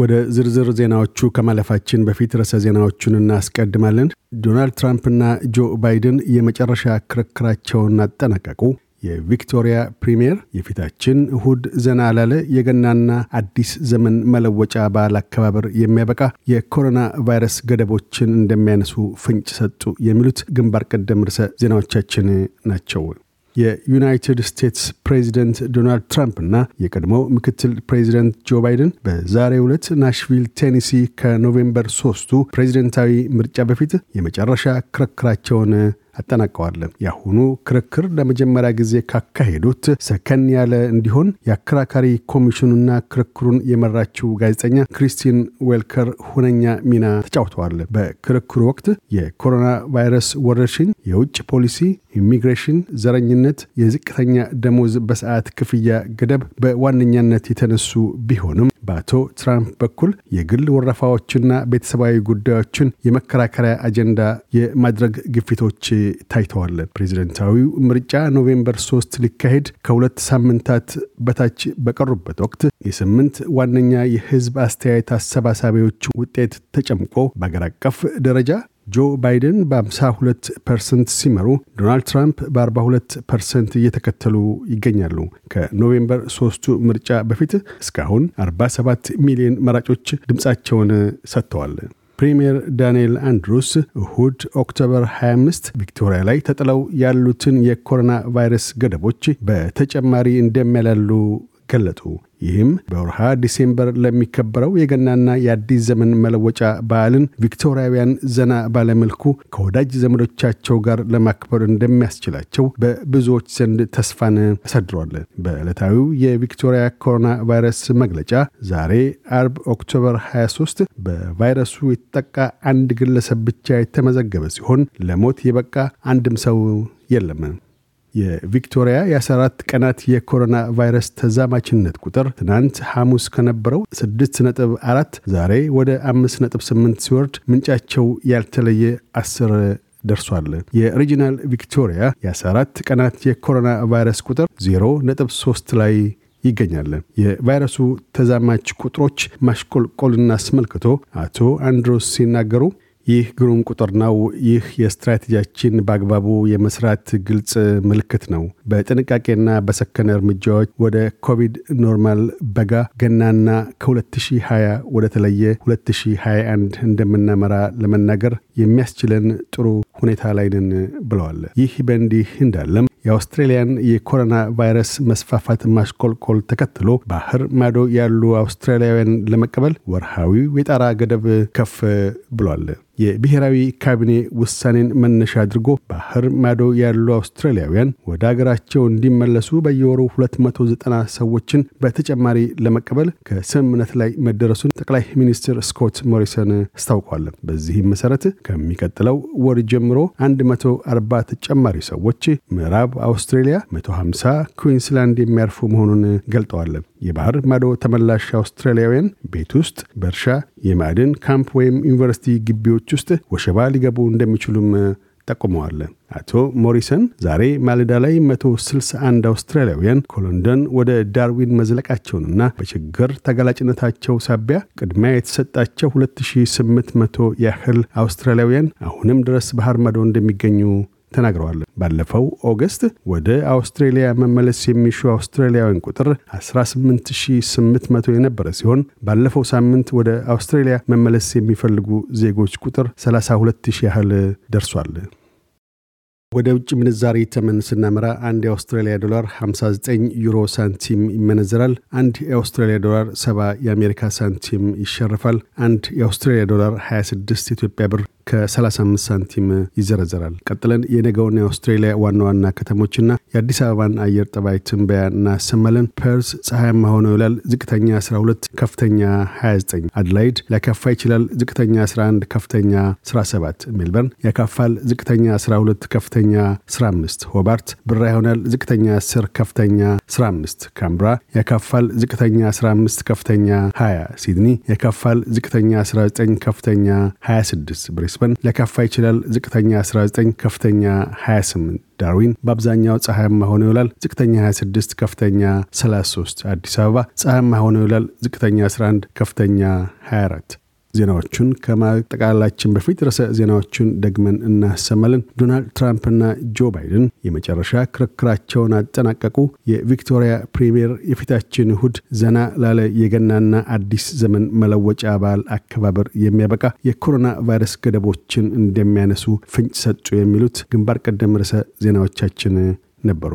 ወደ ዝርዝር ዜናዎቹ ከማለፋችን በፊት ርዕሰ ዜናዎቹን እናስቀድማለን። ዶናልድ ትራምፕና ጆ ባይደን የመጨረሻ ክርክራቸውን አጠናቀቁ። የቪክቶሪያ ፕሪምየር የፊታችን እሁድ ዘና ላለ የገናና አዲስ ዘመን መለወጫ በዓል አከባበር የሚያበቃ የኮሮና ቫይረስ ገደቦችን እንደሚያነሱ ፍንጭ ሰጡ። የሚሉት ግንባር ቀደም ርዕሰ ዜናዎቻችን ናቸው። የዩናይትድ ስቴትስ ፕሬዚደንት ዶናልድ ትራምፕ እና የቀድሞው ምክትል ፕሬዚደንት ጆ ባይደን በዛሬ ዕለት ናሽቪል ቴኒሲ ከኖቬምበር ሶስቱ ፕሬዚደንታዊ ምርጫ በፊት የመጨረሻ ክርክራቸውን አጠናቀዋል። የአሁኑ ክርክር ለመጀመሪያ ጊዜ ካካሄዱት ሰከን ያለ እንዲሆን የአከራካሪ ኮሚሽኑና ክርክሩን የመራችው ጋዜጠኛ ክሪስቲን ዌልከር ሁነኛ ሚና ተጫውተዋል። በክርክሩ ወቅት የኮሮና ቫይረስ ወረርሽኝ፣ የውጭ ፖሊሲ፣ ኢሚግሬሽን፣ ዘረኝነት፣ የዝቅተኛ ደሞዝ በሰዓት ክፍያ ገደብ በዋነኛነት የተነሱ ቢሆንም በአቶ ትራምፕ በኩል የግል ወረፋዎችና ቤተሰባዊ ጉዳዮችን የመከራከሪያ አጀንዳ የማድረግ ግፊቶች ታይተዋል። ፕሬዚደንታዊው ምርጫ ኖቬምበር 3 ሊካሄድ ከሁለት ሳምንታት በታች በቀሩበት ወቅት የስምንት ዋነኛ የህዝብ አስተያየት አሰባሳቢዎች ውጤት ተጨምቆ በአገር አቀፍ ደረጃ ጆ ባይደን በ52 ፐርሰንት ሲመሩ ዶናልድ ትራምፕ በ42 ፐርሰንት እየተከተሉ ይገኛሉ። ከኖቬምበር ሶስቱ ምርጫ በፊት እስካሁን 47 ሚሊዮን መራጮች ድምፃቸውን ሰጥተዋል። ፕሪምየር ዳንኤል አንድሩስ እሁድ ኦክቶበር 25 ቪክቶሪያ ላይ ተጥለው ያሉትን የኮሮና ቫይረስ ገደቦች በተጨማሪ እንደሚያላሉ ገለጡ። ይህም በወርሃ ዲሴምበር ለሚከበረው የገናና የአዲስ ዘመን መለወጫ በዓልን ቪክቶሪያውያን ዘና ባለመልኩ ከወዳጅ ዘመዶቻቸው ጋር ለማክበር እንደሚያስችላቸው በብዙዎች ዘንድ ተስፋን አሳድሯል። በዕለታዊው የቪክቶሪያ ኮሮና ቫይረስ መግለጫ ዛሬ አርብ ኦክቶበር 23 በቫይረሱ የተጠቃ አንድ ግለሰብ ብቻ የተመዘገበ ሲሆን ለሞት የበቃ አንድም ሰው የለም። የቪክቶሪያ የ14 ቀናት የኮሮና ቫይረስ ተዛማችነት ቁጥር ትናንት ሐሙስ ከነበረው 6.4 ዛሬ ወደ 5.8 ሲወርድ ምንጫቸው ያልተለየ 10 ደርሷል። የሪጂናል ቪክቶሪያ የ14 ቀናት የኮሮና ቫይረስ ቁጥር 0.3 ላይ ይገኛል። የቫይረሱ ተዛማች ቁጥሮች ማሽቆልቆልን አስመልክቶ አቶ አንድሮስ ሲናገሩ ይህ ግሩም ቁጥር ነው። ይህ የስትራቴጂያችን በአግባቡ የመስራት ግልጽ ምልክት ነው። በጥንቃቄና በሰከነ እርምጃዎች ወደ ኮቪድ ኖርማል በጋ ገናና ከ2020 ወደ ተለየ 2021 እንደምናመራ ለመናገር የሚያስችለን ጥሩ ሁኔታ ላይ ነን ብለዋል። ይህ በእንዲህ እንዳለም የአውስትሬሊያን የኮሮና ቫይረስ መስፋፋት ማሽቆልቆል ተከትሎ ባህር ማዶ ያሉ አውስትራሊያውያን ለመቀበል ወርሃዊው የጣራ ገደብ ከፍ ብሏል። የብሔራዊ ካቢኔ ውሳኔን መነሻ አድርጎ ባህር ማዶ ያሉ አውስትራሊያውያን ወደ አገራቸው እንዲመለሱ በየወሩ 290 ሰዎችን በተጨማሪ ለመቀበል ከስምምነት ላይ መደረሱን ጠቅላይ ሚኒስትር ስኮት ሞሪሰን አስታውቋል። በዚህም መሠረት ከሚቀጥለው ወር ጀምሮ 140 ተጨማሪ ሰዎች ምዕራብ አውስትሬሊያ፣ 150 ኩዊንስላንድ የሚያርፉ መሆኑን ገልጠዋል። የባህር ማዶ ተመላሽ አውስትራሊያውያን ቤት ውስጥ፣ በእርሻ የማዕድን ካምፕ ወይም ዩኒቨርሲቲ ግቢዎች ውስጥ ወሸባ ሊገቡ እንደሚችሉም ጠቁመዋል። አቶ ሞሪሰን ዛሬ ማለዳ ላይ 161 አውስትራሊያውያን ከሎንደን ወደ ዳርዊን መዝለቃቸውንና በችግር ተጋላጭነታቸው ሳቢያ ቅድሚያ የተሰጣቸው 2800 ያህል አውስትራሊያውያን አሁንም ድረስ ባህር ማዶ እንደሚገኙ ተናግረዋል። ባለፈው ኦገስት ወደ አውስትሬሊያ መመለስ የሚሹ አውስትራሊያውያን ቁጥር 18800 የነበረ ሲሆን ባለፈው ሳምንት ወደ አውስትሬሊያ መመለስ የሚፈልጉ ዜጎች ቁጥር 32000 ያህል ደርሷል። ወደ ውጭ ምንዛሪ ተመን ስናመራ አንድ የአውስትራሊያ ዶላር 59 ዩሮ ሳንቲም ይመነዘራል። አንድ የአውስትራሊያ ዶላር 70 የአሜሪካ ሳንቲም ይሸርፋል። አንድ የአውስትራሊያ ዶላር 26 የኢትዮጵያ ብር ከ35 ሳንቲም ይዘረዘራል። ቀጥለን የነገውን የአውስትሬሊያ ዋና ዋና ከተሞችና የአዲስ አበባን አየር ጠባይ ትንበያ እናሰማለን። ፐርስ ፀሐያማ ሆኖ ይውላል። ዝቅተኛ 12፣ ከፍተኛ 29። አድላይድ ሊያካፋ ይችላል። ዝቅተኛ 11፣ ከፍተኛ 17። ሜልበርን ያካፋል። ዝቅተኛ 12፣ ከፍተኛ ከፍተኛ 15፣ ሆባርት ብራ ይሆናል። ዝቅተኛ 10፣ ከፍተኛ 15፣ ካምብራ የካፋል ዝቅተኛ 15፣ ከፍተኛ 20፣ ሲድኒ የካፋል ዝቅተኛ 19፣ ከፍተኛ 26፣ ብሬስበን ለካፋ ይችላል። ዝቅተኛ 19፣ ከፍተኛ 28 ዳርዊን በአብዛኛው ፀሐያማ ሆኖ ይውላል። ዝቅተኛ 26 ከፍተኛ 33። አዲስ አበባ ፀሐያማ ሆኖ ይውላል። ዝቅተኛ 11 ከፍተኛ 24። ዜናዎቹን ከማጠቃላችን በፊት ርዕሰ ዜናዎቹን ደግመን እናሰማለን። ዶናልድ ትራምፕና ጆ ባይደን የመጨረሻ ክርክራቸውን አጠናቀቁ። የቪክቶሪያ ፕሪምየር የፊታችን እሁድ ዘና ላለ የገናና አዲስ ዘመን መለወጫ በዓል አከባበር የሚያበቃ የኮሮና ቫይረስ ገደቦችን እንደሚያነሱ ፍንጭ ሰጡ። የሚሉት ግንባር ቀደም ርዕሰ ዜናዎቻችን ነበሩ።